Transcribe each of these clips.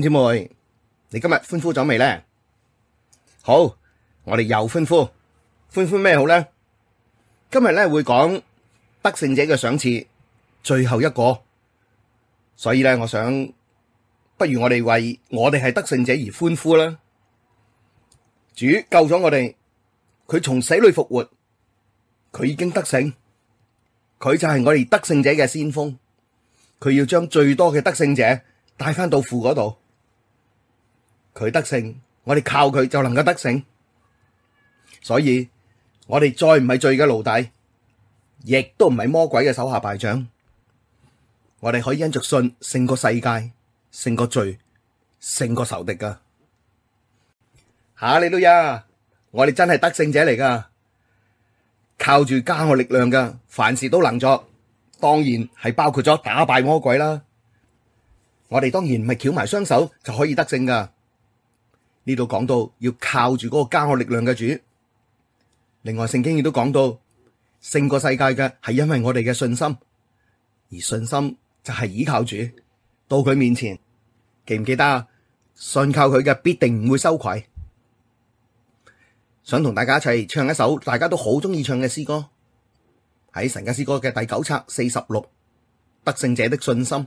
姐妹，你今日歡呼咗未呢？好，我哋又歡呼，歡呼咩好呢？今日咧會講得勝者嘅賞賜最後一個，所以咧，我想不如我哋為我哋係得勝者而歡呼啦！主救咗我哋，佢從死裏復活，佢已經得勝，佢就係我哋得勝者嘅先鋒，佢要將最多嘅得勝者帶翻到父嗰度。佢得勝，我哋靠佢就能夠得勝。所以我哋再唔係罪嘅奴隸，亦都唔係魔鬼嘅手下敗將。我哋可以因着信勝過世界，勝過罪，勝過仇敵噶。吓你都呀，我哋真係得勝者嚟噶，靠住加我力量噶，凡事都能作。當然係包括咗打敗魔鬼啦。我哋當然唔係翹埋雙手就可以得勝噶。呢度講到要靠住嗰個加我力量嘅主。另外聖經亦都講到勝過世界嘅係因為我哋嘅信心，而信心就係依靠主到佢面前。記唔記得啊？信靠佢嘅必定唔會羞愧。想同大家一齊唱一首大家都好中意唱嘅詩歌，喺神家詩歌嘅第九冊四十六，得勝者的信心。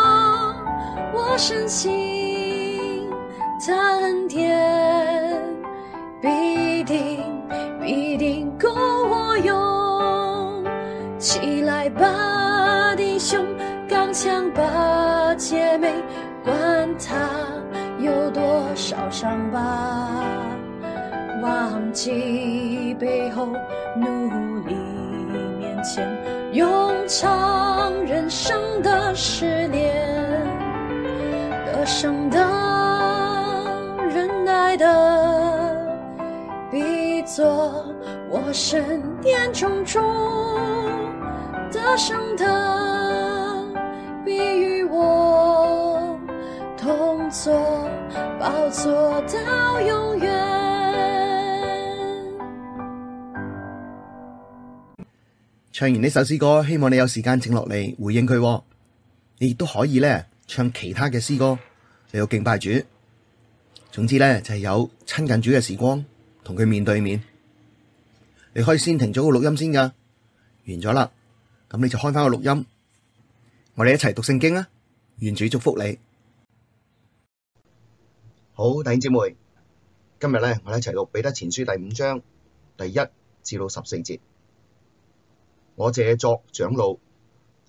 我深信祂恩典，必定必定夠我用。起來吧，弟兄，剛強吧，姊妹，管它有多少傷疤，忘記背後，努力面前，勇闖人生的試。唱完呢首詩歌，希望你有時間靜落嚟回應佢喎。你亦都可以咧唱其他嘅詩歌。你要敬拜主，總之咧就係有親近主嘅時光，同佢面對面。你可以先停咗個錄音先噶，完咗啦，咁你就開翻個錄音，我哋一齊讀聖經啊！願主祝福你。好，弟兄姊妹，今日咧我哋一齊讀彼得前書第五章第一至到十四節。我這作長老，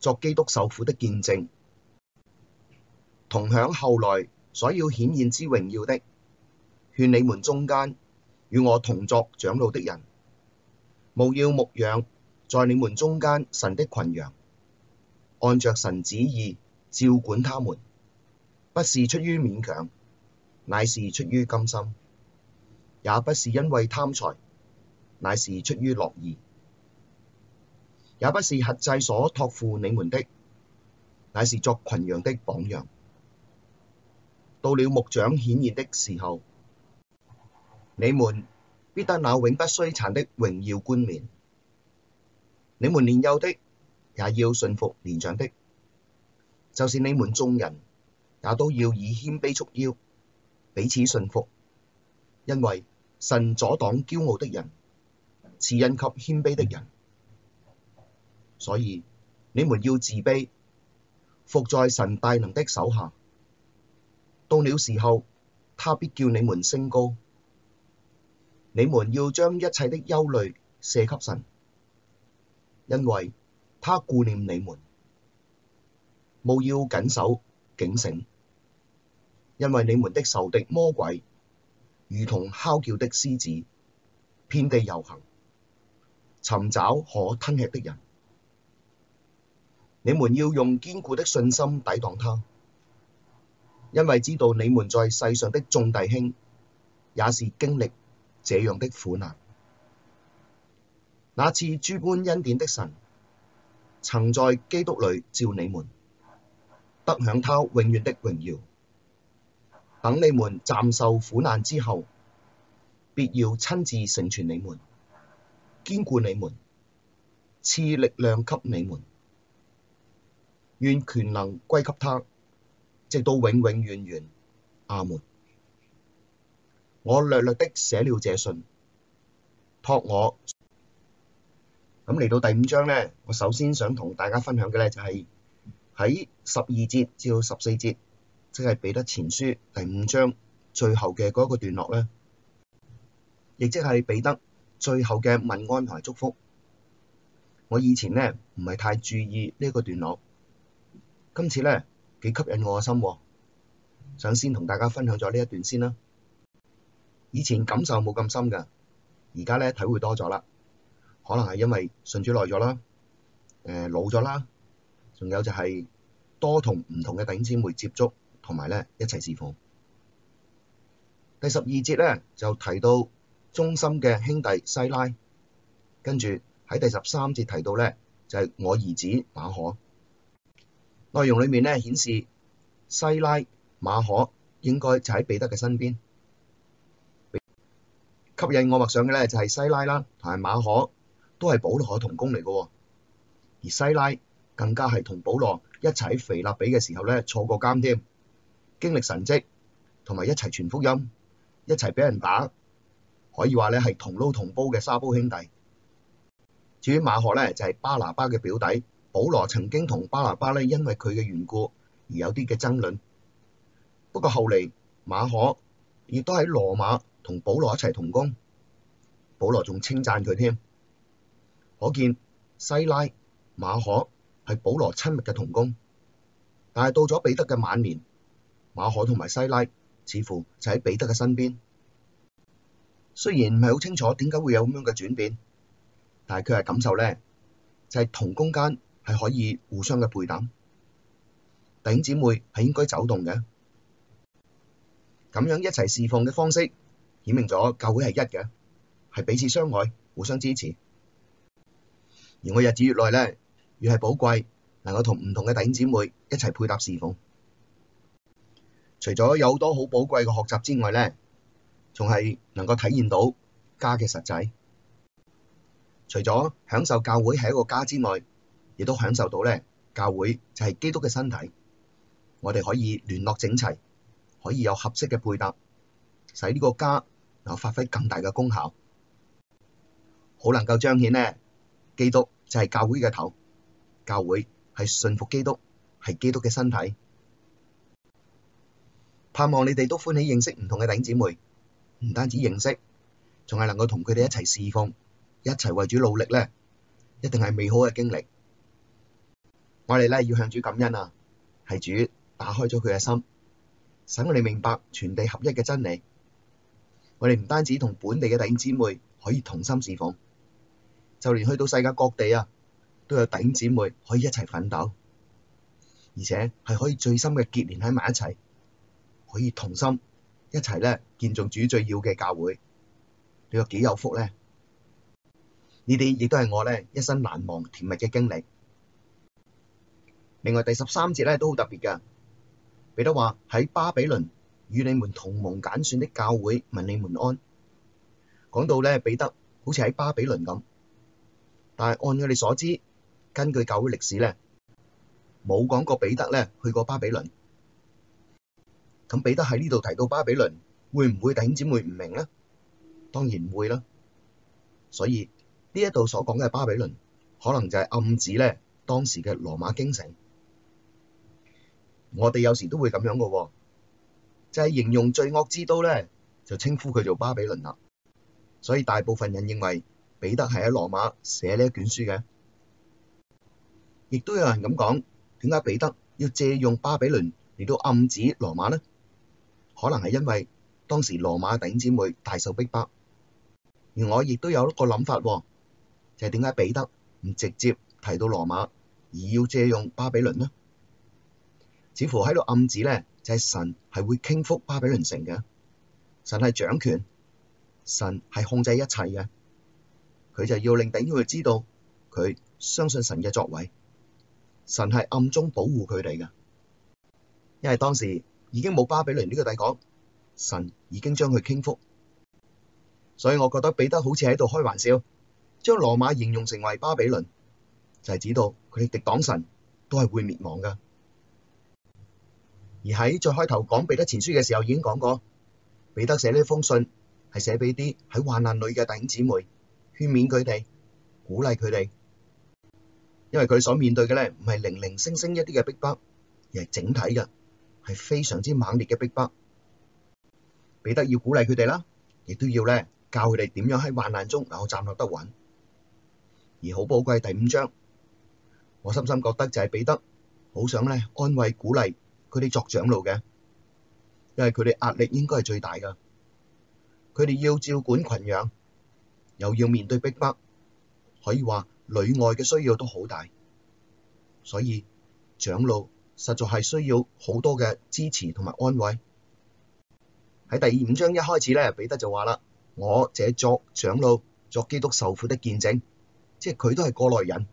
作基督受苦的見證。同享後來所要顯現之榮耀的，勸你們中間與我同作長老的人，務要牧養在你們中間神的群羊，按着神旨意照管他們，不是出於勉強，乃是出於甘心；也不是因為貪財，乃是出於樂意；也不是轄制所託付你們的，乃是作群羊的榜樣。到了牧長顯現的時候，你們必得那永不衰殘的榮耀冠冕。你們年幼的也要順服年長的，就是你們眾人也都要以謙卑束腰，彼此順服，因為神阻擋驕傲的人，賜恩給謙卑的人。所以你們要自卑，服在神大能的手下。到了時候，他必叫你們升高。你們要將一切的憂慮卸給神，因為他顧念你們。務要謹守警醒，因為你們的仇敵魔鬼，如同吼叫的獅子，遍地遊行，尋找可吞吃的人。你們要用堅固的信心抵擋他。因為知道你們在世上的眾弟兄，也是經歷這樣的苦難。那賜諸般恩典的神，曾在基督裡召你們得享他永遠的榮耀。等你們暫受苦難之後，必要親自成全你們，堅固你們，賜力量給你們，願權能歸給他。直到永永遠遠，阿門。我略略的寫了這信，託我。咁嚟到第五章呢，我首先想同大家分享嘅呢、就是，就係喺十二節至到十四節，即係彼得前書第五章最後嘅嗰個段落呢，亦即係彼得最後嘅問安同埋祝福。我以前呢，唔係太注意呢一個段落，今次呢。幾吸引我嘅心，哦，想先同大家分享咗呢一段先啦。以前感受冇咁深噶，而家咧體會多咗啦。可能係因為信主耐咗啦，誒、呃、老咗啦，仲有就係多同唔同嘅弟兄姊妹接觸，同埋咧一齊侍奉。第十二節咧就提到忠心嘅兄弟西拉，跟住喺第十三節提到咧就係、是、我兒子馬可。內容裏面呢，顯示西拉馬可應該就喺彼得嘅身邊，吸引我畫上嘅呢，就係、是、西拉啦同埋馬可都係保羅嘅同工嚟嘅喎，而西拉更加係同保羅一齊喺腓立比嘅時候呢，坐過監添，經歷神蹟同埋一齊傳福音，一齊俾人打，可以話呢係同撈同煲嘅沙煲兄弟。至於馬可呢，就係、是、巴拿巴嘅表弟。保羅曾經同巴拿巴咧，因為佢嘅緣故而有啲嘅爭論。不過後嚟馬可亦都喺羅馬同保羅一齊同工，保羅仲稱讚佢添。可見西拉馬可係保羅親密嘅同工。但係到咗彼得嘅晚年，馬可同埋西拉似乎就喺彼得嘅身邊。雖然唔係好清楚點解會有咁樣嘅轉變，但係佢係感受咧，就係、是、同工間。係可以互相嘅配搭，弟兄姊妹係應該走動嘅，咁樣一齊侍奉嘅方式，顯明咗教會係一嘅，係彼此相愛、互相支持。而我日子越耐咧，越係寶貴，能夠同唔同嘅弟兄姊妹一齊配搭侍奉。除咗有好多好寶貴嘅學習之外咧，仲係能夠體驗到家嘅實際。除咗享受教會係一個家之外，亦都享受到咧，教會就係基督嘅身體，我哋可以聯絡整齊，可以有合適嘅配搭，使呢個家能發揮更大嘅功效，好能夠彰顯呢，基督就係教會嘅頭，教會係信服基督係基督嘅身體。盼望你哋都歡喜認識唔同嘅弟兄姊妹，唔單止認識，仲係能夠同佢哋一齊侍奉，一齊為主努力咧，一定係美好嘅經歷。我哋咧要向主感恩啊！係主打開咗佢嘅心，使我哋明白全地合一嘅真理。我哋唔單止同本地嘅弟兄姊妹可以同心侍奉，就連去到世界各地啊，都有弟兄姊妹可以一齊奮鬥，而且係可以最深嘅結連喺埋一齊，可以同心一齊咧建造主最要嘅教會。你話幾有福咧？呢啲亦都係我咧一生難忘甜蜜嘅經歷。另外第十三節咧都好特別嘅。彼得話，喺巴比倫與你們同蒙揀選的教會問你們安。講到咧彼得好似喺巴比倫咁，但係按佢哋所知，根據教會歷史咧冇講過彼得咧去過巴比倫。咁彼得喺呢度提到巴比倫，會唔會弟兄姊妹唔明呢？當然唔會啦。所以呢一度所講嘅巴比倫可能就係暗指咧當時嘅羅馬京城。我哋有時都會咁樣嘅喎、哦，就係、是、形容罪惡之都咧，就稱呼佢做巴比倫啦。所以大部分人認為彼得係喺羅馬寫呢一卷書嘅，亦都有人咁講。點解彼得要借用巴比倫嚟到暗指羅馬咧？可能係因為當時羅馬頂姊妹大受逼迫，迫。而我亦都有一個諗法、哦，就係點解彼得唔直接提到羅馬，而要借用巴比倫咧？似乎喺度暗指咧，就係、是、神係會傾覆巴比倫城嘅。神係掌權，神係控制一切嘅。佢就要令弟兄佢知道，佢相信神嘅作為。神係暗中保護佢哋嘅，因為當時已經冇巴比倫呢個帝國，神已經將佢傾覆。所以我覺得彼得好似喺度開玩笑，將羅馬形容成為巴比倫，就係、是、指到佢哋敵黨神都係會滅亡嘅。而喺最開頭講彼得前書嘅時候，已經講過彼得寫呢一封信係寫俾啲喺患難裏嘅弟兄姊妹，勸勉佢哋、鼓勵佢哋，因為佢所面對嘅咧唔係零零星星一啲嘅逼迫，而係整體嘅，係非常之猛烈嘅逼迫。彼得要鼓勵佢哋啦，亦都要咧教佢哋點樣喺患難中站立得穩。而好寶貴第五章，我深深覺得就係彼得好想咧安慰、鼓勵。佢哋作長老嘅，因為佢哋壓力應該係最大㗎。佢哋要照管群羊，又要面對逼迫，迫，可以話裏外嘅需要都好大。所以長老實在係需要好多嘅支持同埋安慰。喺第二五章一開始咧，彼得就話啦：，我這作長老、作基督受苦的見證，即係佢都係過來人，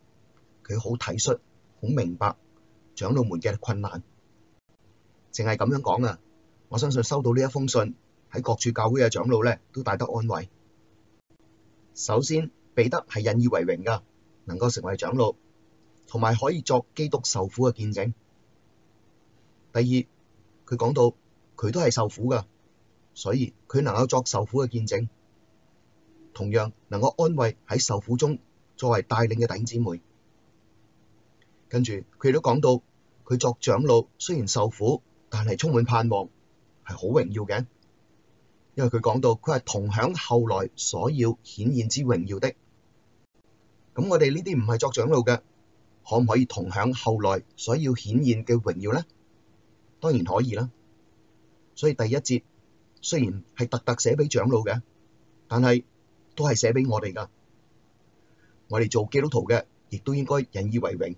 佢好體恤、好明白長老們嘅困難。淨係咁樣講啊！我相信收到呢一封信喺各處教會嘅長老咧，都大得安慰。首先，彼得係引以為榮噶，能夠成為長老，同埋可以作基督受苦嘅見證。第二，佢講到佢都係受苦噶，所以佢能夠作受苦嘅見證，同樣能夠安慰喺受苦中作為帶領嘅弟兄姊妹。跟住佢都講到佢作長老雖然受苦。但係充滿盼望，係好榮耀嘅，因為佢講到佢係同享後來所要顯現之榮耀的。咁我哋呢啲唔係作長老嘅，可唔可以同享後來所要顯現嘅榮耀咧？當然可以啦。所以第一節雖然係特特寫俾長老嘅，但係都係寫俾我哋㗎。我哋做基督徒嘅，亦都應該引以為榮，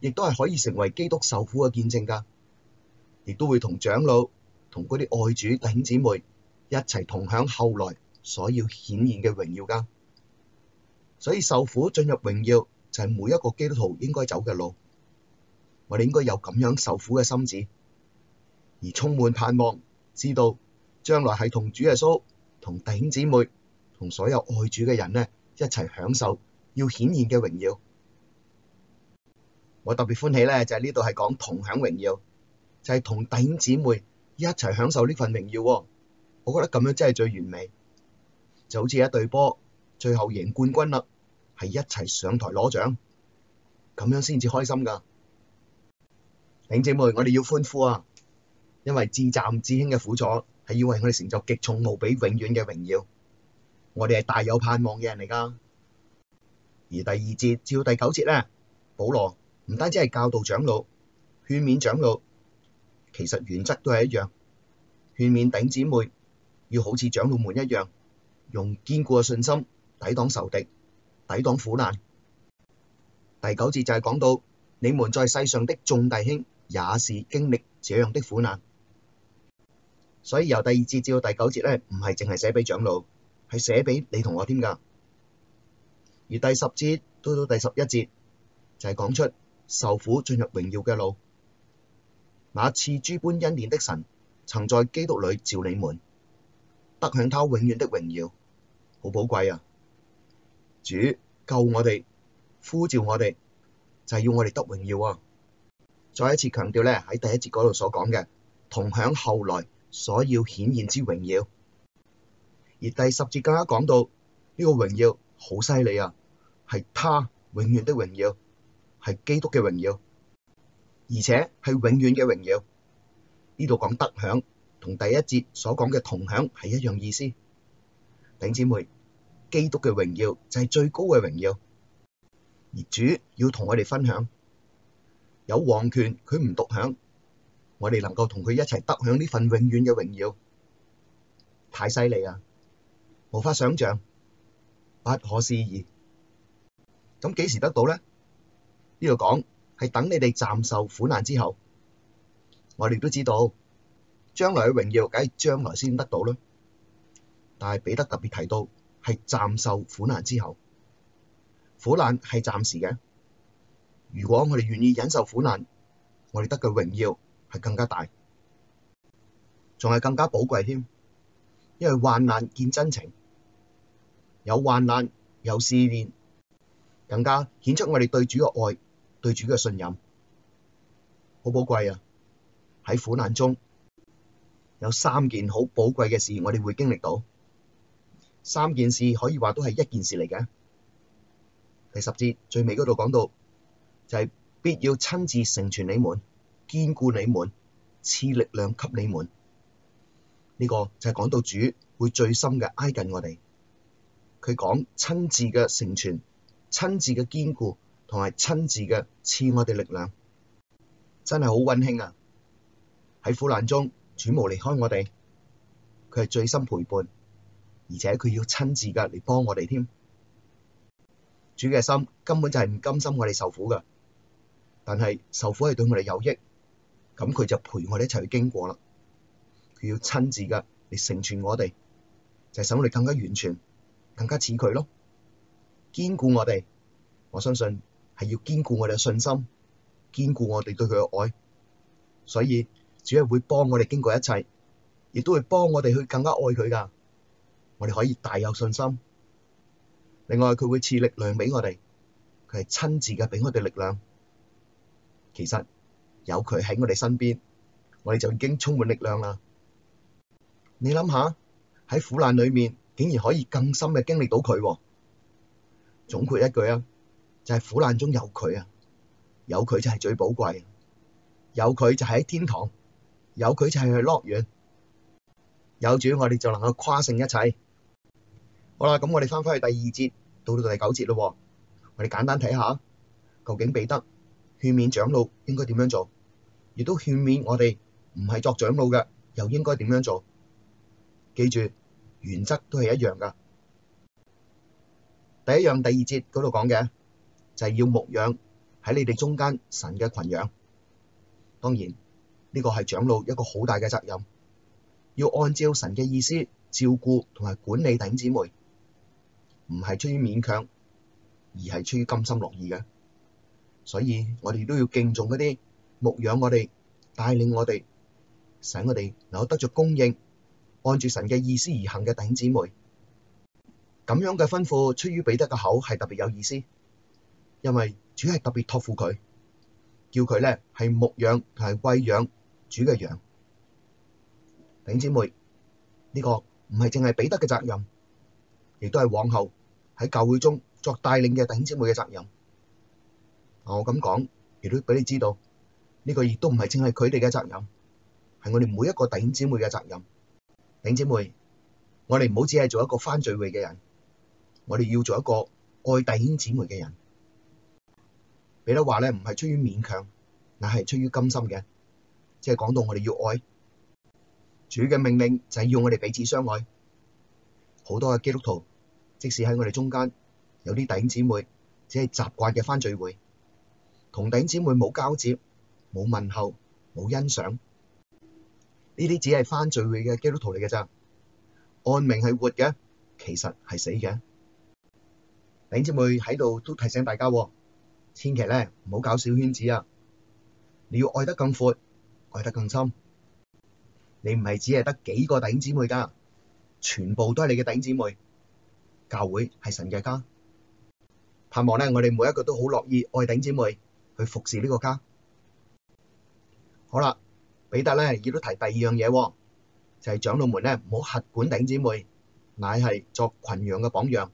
亦都係可以成為基督受苦嘅見證㗎。亦都會同長老、同嗰啲愛主弟兄姊妹一齊同享後來所要顯現嘅榮耀㗎。所以受苦進入榮耀就係每一個基督徒應該走嘅路。我哋應該有咁樣受苦嘅心志，而充滿盼望，知道將來係同主耶穌、同弟兄姊妹、同所有愛主嘅人呢一齊享受要顯現嘅榮耀。我特別歡喜咧，就係呢度係講同享榮耀。就係同弟兄姊妹一齊享受呢份榮耀喎、哦。我覺得咁樣真係最完美，就好似一隊波最後贏冠軍啦，係一齊上台攞獎，咁樣先至開心㗎。弟兄姐妹，我哋要歡呼啊！因為至暫至輕嘅苦楚係要為我哋成就極重無比永遠嘅榮耀，我哋係大有盼望嘅人嚟㗎。而第二節照第九節咧，保羅唔單止係教導長老、勸勉長老，其實原則都係一樣，勸勉頂姊妹要好似長老們一樣，用堅固嘅信心抵擋仇敵、抵擋苦難。第九節就係講到你們在世上的眾弟兄也是經歷這樣的苦難，所以由第二節至到第九節咧，唔係淨係寫俾長老，係寫俾你同我添噶。而第十節到到第十一節就係講出受苦進入榮耀嘅路。那賜諸般恩典的神，曾在基督裡召你們，得享祂永遠的榮耀，好寶貴啊！主救我哋，呼召我哋，就係、是、要我哋得榮耀啊！再一次強調咧，喺第一節嗰度所講嘅，同享後來所要顯現之榮耀。而第十節更加講到呢、這個榮耀好犀利啊！係祂永遠的榮耀，係基督嘅榮耀。而且係永遠嘅榮耀，呢度講得享同第一節所講嘅同享係一樣意思。頂姊妹，基督嘅榮耀就係最高嘅榮耀，而主要同我哋分享，有王權，佢唔獨享，我哋能夠同佢一齊得享呢份永遠嘅榮耀，太犀利啦，無法想象，不可思議。咁幾時得到呢？呢度講。係等你哋暫受苦難之後，我哋都知道將來嘅榮耀，梗係將來先得到啦。但係彼得特別提到，係暫受苦難之後，苦難係暫時嘅。如果我哋願意忍受苦難，我哋得嘅榮耀係更加大，仲係更加寶貴添。因為患難見真情，有患難有試煉，更加顯出我哋對主嘅愛。對主嘅信任好寶貴啊！喺苦難中有三件好寶貴嘅事，我哋會經歷到。三件事可以話都係一件事嚟嘅。第十節最尾嗰度講到，就係、是、必要親自成全你們，堅固你們，賜力量給你們。呢、這個就係講到主會最深嘅挨近我哋。佢講親自嘅成全，親自嘅堅固。同埋親自嘅賜我哋力量，真係好溫馨啊！喺苦難中，主無離開我哋，佢係最深陪伴，而且佢要親自嘅嚟幫我哋添。主嘅心根本就係唔甘心我哋受苦㗎，但係受苦係對我哋有益，咁佢就陪我哋一齊去經過啦。佢要親自嘅嚟成全我哋，就係使我哋更加完全，更加似佢咯，堅固我哋。我相信。係要堅固我哋嘅信心，堅固我哋對佢嘅愛，所以主係會幫我哋經過一切，亦都會幫我哋去更加愛佢噶。我哋可以大有信心。另外佢會賜力量俾我哋，佢係親自嘅俾我哋力量。其實有佢喺我哋身邊，我哋就已經充滿力量啦。你諗下喺苦難裏面，竟然可以更深嘅經歷到佢喎。總括一句啊！就係苦難中有佢啊，有佢就係最寶貴，有佢就喺天堂，有佢就係去樂園，有主我哋就能夠誇勝一切。好啦，咁我哋翻返去第二節，到到第九節咯。我哋簡單睇下，究竟彼得勸勉長老應該點樣做，亦都勸勉我哋唔係作長老嘅又應該點樣做。記住原則都係一樣噶。第一樣，第二節嗰度講嘅。就係要牧養喺你哋中間神嘅群羊。當然，呢個係長老一個好大嘅責任，要按照神嘅意思照顧同埋管理弟兄姊妹，唔係出於勉強，而係出於甘心樂意嘅。所以我哋都要敬重嗰啲牧養我哋、帶領我哋、使我哋能夠得著供應、按住神嘅意思而行嘅弟兄姊妹。咁樣嘅吩咐出於彼得嘅口係特別有意思。因為主係特別託付佢，叫佢咧係牧養同係餵養主嘅羊。弟兄姊妹，呢個唔係淨係彼得嘅責任，亦都係往後喺教會中作帶領嘅弟兄姊妹嘅責任。我咁講，亦都俾你知道呢個，亦都唔係淨係佢哋嘅責任，係我哋每一個弟兄姊妹嘅責任。弟兄姊妹，我哋唔好只係做一個返聚會嘅人，我哋要做一個愛弟兄姊妹嘅人。彼得話咧唔係出於勉強，乃係出於甘心嘅。即係講到我哋要愛，主嘅命令就係要我哋彼此相愛。好多嘅基督徒，即使喺我哋中間有啲弟兄姊妹，只係習慣嘅返聚會，同弟兄姊妹冇交接、冇問候、冇欣賞，呢啲只係返聚會嘅基督徒嚟嘅咋。按名係活嘅，其實係死嘅。弟兄姊妹喺度都提醒大家。千祈咧，唔好搞小圈子啊！你要愛得咁闊，愛得咁深。你唔係只係得幾個弟兄姊妹噶，全部都係你嘅弟兄姊妹。教會係神嘅家，盼望咧，我哋每一個都好樂意愛弟兄姊妹，去服侍呢個家。好啦，彼得咧亦都提第二樣嘢、啊，就係、是、長老們咧唔好轄管弟兄姊妹，乃係作群羊嘅榜樣。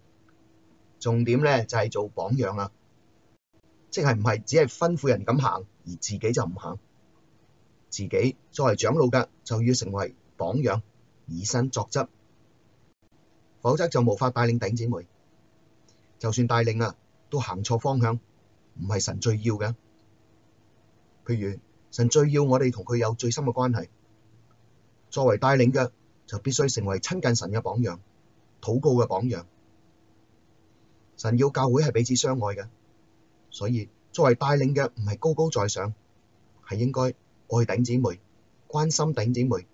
重點咧就係、是、做榜樣啦、啊。即係唔係只係吩咐人咁行，而自己就唔行？自己作為長老嘅就要成為榜樣，以身作則，否則就無法帶領弟姐妹。就算帶領啊，都行錯方向，唔係神最要嘅。譬如神最要我哋同佢有最深嘅關係，作為帶領嘅就必須成為親近神嘅榜樣、禱告嘅榜樣。神要教會係彼此相愛嘅。所以，作為帶領嘅唔係高高在上，係應該愛弟姊妹、關心弟姊妹，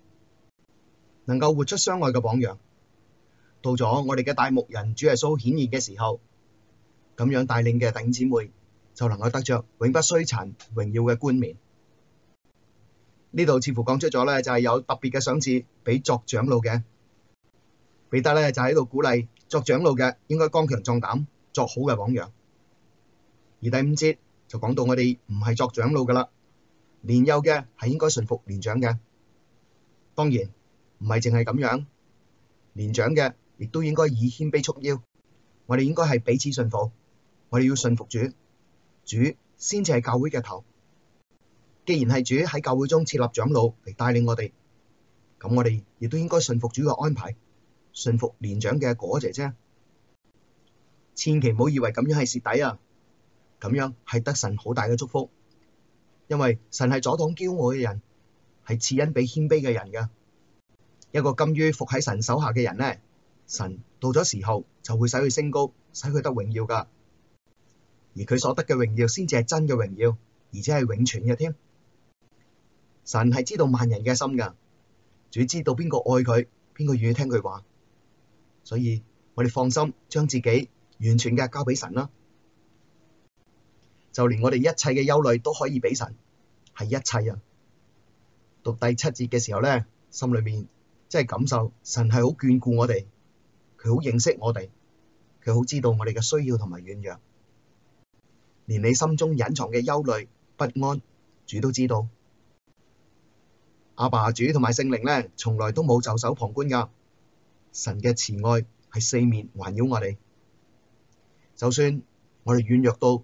能夠活出相愛嘅榜樣。到咗我哋嘅大牧人主耶穌顯現嘅時候，咁樣帶領嘅弟姊妹就能夠得着永不衰殘、榮耀嘅冠冕。呢度似乎講出咗咧，就係有特別嘅賞賜俾作長老嘅，彼得咧就喺、是、度鼓勵作長老嘅應該剛強壯膽，作好嘅榜樣。而第五節就講到，我哋唔係作長老噶啦，年幼嘅係應該順服年長嘅。當然唔係淨係咁樣，年長嘅亦都應該以謙卑束腰。我哋應該係彼此順服，我哋要順服主，主先至係教會嘅頭。既然係主喺教會中設立長老嚟帶領我哋，咁我哋亦都應該順服主嘅安排，順服年長嘅果哥姐姐。千祈唔好以為咁樣係蝕底啊！咁樣係得神好大嘅祝福，因為神係阻擋驕傲嘅人，係賜恩俾謙卑嘅人嘅。一個甘於伏喺神手下嘅人呢，神到咗時候就會使佢升高，使佢得榮耀噶。而佢所得嘅榮耀，先至係真嘅榮耀，而且係永存嘅添。神係知道萬人嘅心噶，主知道邊個愛佢，邊個願意聽佢話。所以我哋放心，將自己完全嘅交俾神啦。就連我哋一切嘅憂慮都可以俾神，係一切啊！讀第七節嘅時候咧，心裏面即係感受神係好眷顧我哋，佢好認識我哋，佢好知道我哋嘅需要同埋軟弱。連你心中隱藏嘅憂慮不安，主都知道。阿爸主同埋聖靈咧，從來都冇袖手旁觀噶。神嘅慈愛係四面環繞我哋，就算我哋軟弱到。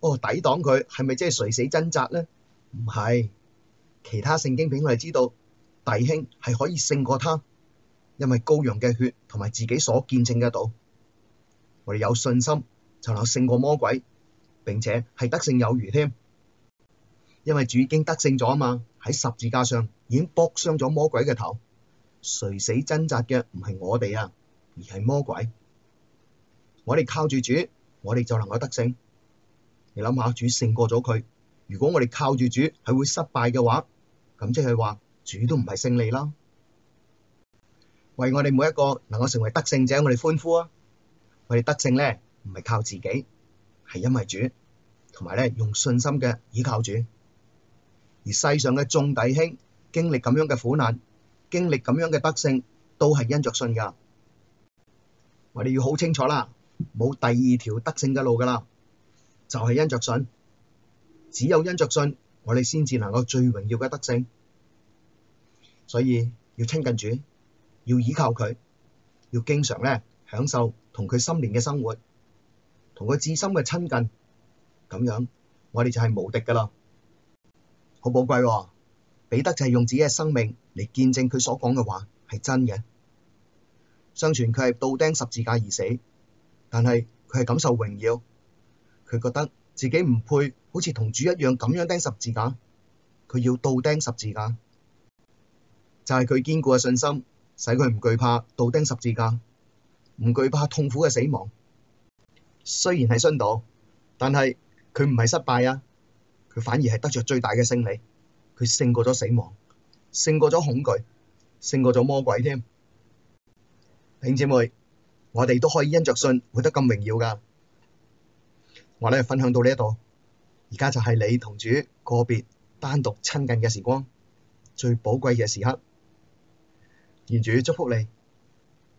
哦，抵擋佢係咪即係垂死掙扎呢？唔係。其他聖經片，我哋知道弟兄係可以勝過他，因為羔羊嘅血同埋自己所見證嘅道。我哋有信心就能夠勝過魔鬼，並且係得勝有餘添。因為主已經得勝咗啊嘛，喺十字架上已經搏傷咗魔鬼嘅頭，垂死掙扎嘅唔係我哋啊，而係魔鬼。我哋靠住主，我哋就能夠得勝。你諗下，主勝過咗佢。如果我哋靠住主係會失敗嘅話，咁即係話主都唔係勝利啦。為我哋每一個能夠成為得勝者，我哋歡呼啊！我哋得勝咧，唔係靠自己，係因為主，同埋咧用信心嘅依靠主。而世上嘅眾弟兄經歷咁樣嘅苦難，經歷咁樣嘅得勝，都係因着信噶。我哋要好清楚啦，冇第二條得勝嘅路噶啦。就係因着信，只有因着信，我哋先至能夠最榮耀嘅德性。所以要親近主，要依靠佢，要經常咧享受同佢心靈嘅生活，同佢至深嘅親近。咁樣我哋就係無敵噶啦！好寶貴，啊。彼得就係用自己嘅生命嚟見證佢所講嘅話係真嘅。相傳佢係倒釘十字架而死，但係佢係感受榮耀。佢覺得自己唔配，好似同主一樣咁樣釘十字架，佢要倒釘十字架，就係佢堅固嘅信心，使佢唔懼怕倒釘十字架，唔懼怕痛苦嘅死亡。雖然係殉道，但係佢唔係失敗啊，佢反而係得着最大嘅勝利，佢勝過咗死亡，勝過咗恐懼，勝過咗魔鬼添。弟兄姊妹，我哋都可以因着信活得咁榮耀㗎。我哋分享到呢度，而家就係你同主個別單獨親近嘅時光，最寶貴嘅時刻。願主祝福你。